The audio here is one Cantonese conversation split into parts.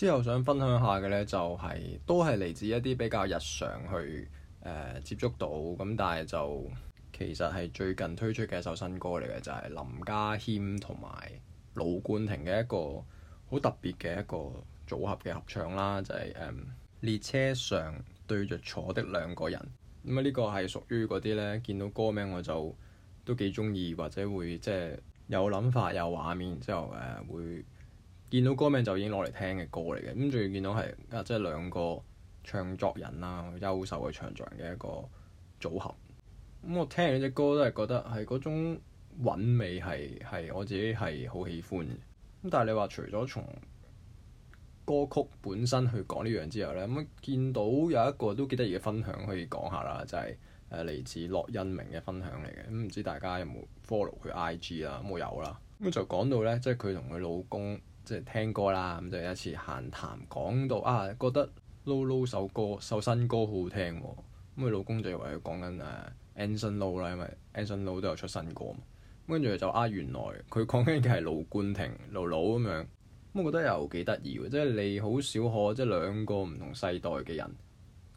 之後想分享下嘅呢、就是，就係都係嚟自一啲比較日常去誒、呃、接觸到，咁但係就其實係最近推出嘅一首新歌嚟嘅，就係、是、林家謙同埋盧冠廷嘅一個好特別嘅一個組合嘅合唱啦，就係、是、誒、嗯、列車上對著坐的兩個人。咁、嗯、啊，呢、這個係屬於嗰啲呢，見到歌名我就都幾中意，或者會即係有諗法、有畫面之後誒會，見到歌名就已經攞嚟聽嘅歌嚟嘅，咁仲要見到係即係兩個唱作人啦，優秀嘅唱作人嘅一個組合。咁我聽完呢隻歌都係覺得係嗰種韻味係係我自己係好喜歡。咁但係你話除咗從歌曲本身去講呢樣之後呢，咁見到有一個都幾得意嘅分享可以講下啦，就係誒嚟自樂恩明嘅分享嚟嘅。咁唔知大家有冇 follow 佢 IG 啦？咁我有啦。咁就講到呢，即係佢同佢老公。即係聽歌啦，咁就有一次閒談講到啊，覺得 Lulu 首歌首新歌好好聽喎、喔，咁佢老公就以為佢講緊誒、啊、Anson Lulu 啦，因為 Anson Lulu 都有出新歌嘛，咁跟住就啊原來佢講緊嘅係盧冠廷 Lulu 咁樣，咁我覺得又幾得意喎，即係你好少可即係兩個唔同世代嘅人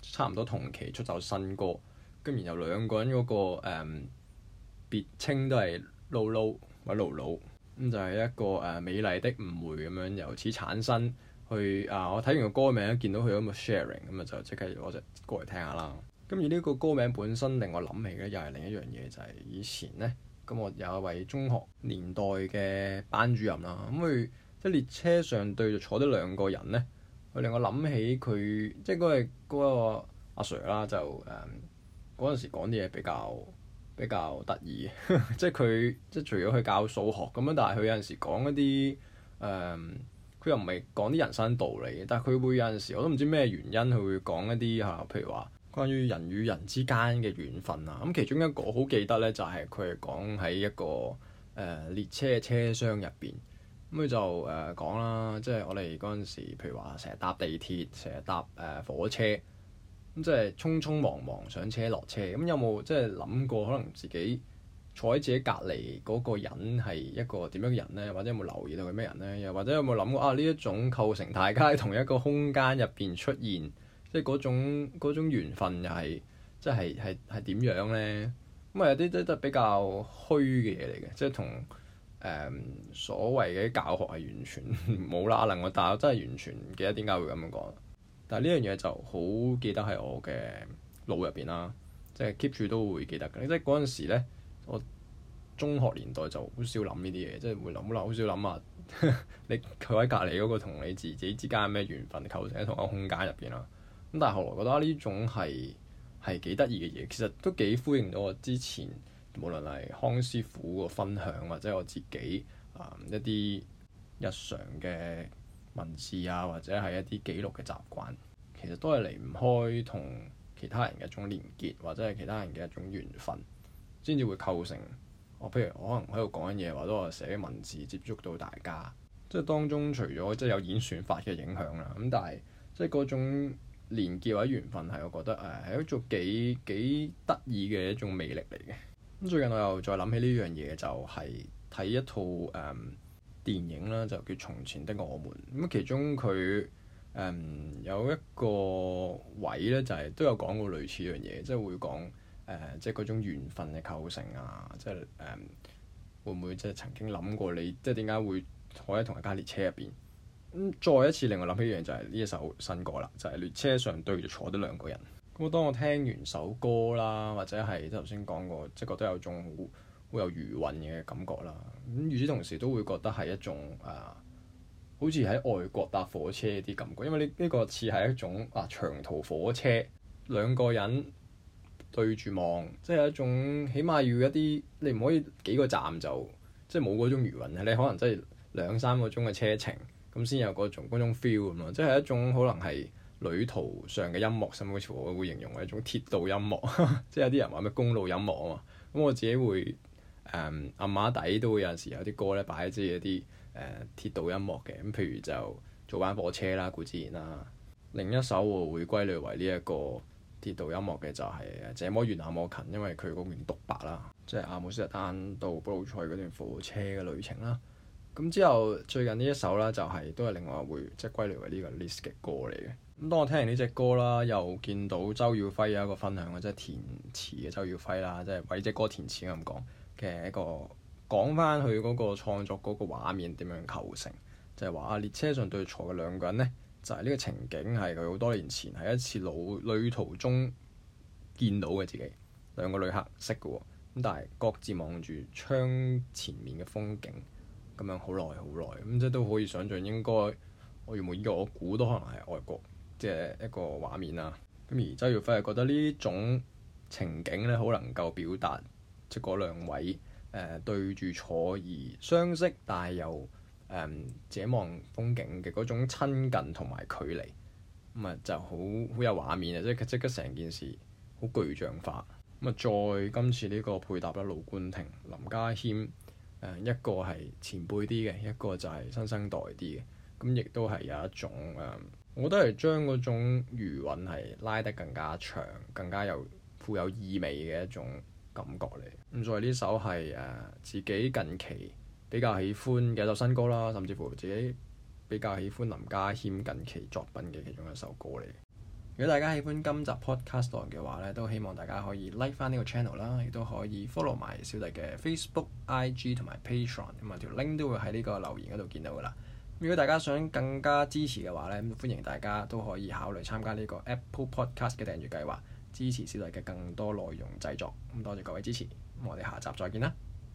差唔多同期出咗新歌，咁然後兩個人嗰、那個誒、嗯、別稱都係 Lulu 或者 Lulu。咁、嗯、就係、是、一個誒、呃、美麗的誤會咁樣由此產生，去啊、呃、我睇完個歌名呢，見到佢咁嘅 sharing，咁啊就即刻我就過嚟聽下啦。咁而呢個歌名本身令我諗起嘅又係另一樣嘢，就係、是、以前呢。咁我有一位中學年代嘅班主任啦，咁佢即列車上對住坐啲兩個人呢，佢令我諗起佢即嗰、那個嗰個阿 Sir 啦，就誒嗰陣時講啲嘢比較。比較得意，即係佢即係除咗佢教數學咁樣，但係佢有陣時講一啲誒，佢、嗯、又唔係講啲人生道理，但係佢會有陣時我都唔知咩原因，佢會講一啲嚇、啊，譬如話關於人與人之間嘅緣分啊。咁其中一個我好記得咧，就係佢係講喺一個誒、呃、列車車廂入邊，咁、嗯、佢就誒、呃、講啦，即係我哋嗰陣時，譬如話成日搭地鐵，成日搭誒、呃、火車。即係匆匆忙忙上車落車，咁有冇即係諗過可能自己坐喺自己隔離嗰個人係一個點樣嘅人呢？或者有冇留意到佢咩人呢？又或者有冇諗過啊？呢一種構成大家喺同一個空間入邊出現，即係嗰種嗰種緣分又係即係係係點樣呢？咁啊有啲都都比較虛嘅嘢嚟嘅，即係同誒所謂嘅教學係完全冇拉褦我，但我真係完全唔記得點解會咁樣講。呢樣嘢就好記得喺我嘅腦入邊啦，即係 keep 住都會記得嘅。即係嗰陣時呢，我中學年代就好少諗呢啲嘢，即係會諗啦，好少諗啊，你佢喺隔離嗰個同你自己，自己之間咩緣分構成喺同一個空間入邊啦。咁但係後來覺得呢種係係幾得意嘅嘢，其實都幾歡迎到我之前無論係康師傅個分享或者我自己啊、嗯、一啲日常嘅。文字啊，或者係一啲記錄嘅習慣，其實都係離唔開同其他人嘅一種連結，或者係其他人嘅一種緣分，先至會構成。我譬如我可能喺度講緊嘢，或者我寫文字接觸到大家，即係當中除咗即係有演算法嘅影響啦。咁但係即係嗰種連結或者緣分係，我覺得誒係、呃、一種幾幾得意嘅一種魅力嚟嘅。咁最近我又再諗起呢樣嘢，就係、是、睇一套誒，嗯電影啦就叫從前的我們，咁其中佢誒、嗯、有一個位咧就係、是、都有講過類似樣嘢，即、就、係、是、會講誒即係嗰種緣分嘅構成啊，即係誒會唔會即係曾經諗過你即係點解會坐喺同一架列車入邊？咁、嗯、再一次令我諗起一樣就係呢一首新歌啦，就係、是、列車上對住坐嘅兩個人。咁當我聽完首歌啦，或者係頭先講過，即、就、係、是、覺得有種好。會有餘韻嘅感覺啦。咁與此同時，都會覺得係一種啊，好似喺外國搭火車啲感覺，因為呢呢個似係一種啊長途火車，兩個人對住望，即係一種起碼要一啲你唔可以幾個站就即係冇嗰種餘韻。你可能真係兩三個鐘嘅車程咁先有嗰種嗰種 feel 咁咯。即係一種可能係旅途上嘅音樂，甚至乎我會形容為一種鐵道音樂。 即係有啲人話咩公路音樂啊嘛。咁我自己會。誒，um, 暗馬底都會有陣時有啲歌咧，擺啲嗰啲誒鐵道音樂嘅咁。譬如就做班火車啦，顧自然啦。另一首會歸類為呢一個鐵道音樂嘅就係、是《這麼遠那麼近》，因為佢嗰邊獨白啦，即係阿姆斯特丹到布魯塞嗰段火車嘅旅程啦。咁之後最近呢一首啦，就係、是、都係另外會即係、就是、歸類為呢個 list 嘅歌嚟嘅。咁當我聽完呢隻歌啦，又見到周耀輝有一個分享，即係填詞嘅周耀輝啦，即係為隻歌填詞咁講。嘅一個講翻佢嗰個創作嗰個畫面，點樣構成，就係話啊，列車上對坐嘅兩個人咧，就係、是、呢個情景係佢好多年前喺一次路旅途中見到嘅，自己兩個旅客，識嘅咁，但係各自望住窗前面嘅風景咁樣，好耐好耐咁，即係都可以想象應該，我原本依個，我估都可能係外國，即係一個畫面啊，咁而周耀輝，係覺得呢種情景咧，好能夠表達。即係嗰兩位誒、呃、對住坐而相識，但係又誒且、嗯、望風景嘅嗰種親近同埋距離，咁、嗯、啊就好好有畫面啊！即係即刻成件事好具象化。咁、嗯、啊，再今次呢個配搭啦，盧冠廷、林家謙，誒、嗯、一個係前輩啲嘅，一個就係新生代啲嘅，咁、嗯、亦都係有一種誒、嗯，我覺得係將嗰種餘韻係拉得更加長、更加有富有意味嘅一種感覺嚟，咁所以呢首係誒、啊、自己近期比較喜歡嘅一首新歌啦，甚至乎自己比較喜歡林家謙近期作品嘅其中一首歌嚟。如果大家喜歡今集 Podcast 嘅話咧，都希望大家可以 like 翻呢個 channel 啦，亦都可以 follow 埋小弟嘅 Facebook、IG 同埋 Patreon，咁啊條 link 都會喺呢個留言嗰度見到㗎喇。如果大家想更加支持嘅話咧，咁歡迎大家都可以考慮參加呢個 Apple Podcast 嘅訂閱計劃。支持小弟嘅更多內容製作，咁多謝各位支持，我哋下集再見啦。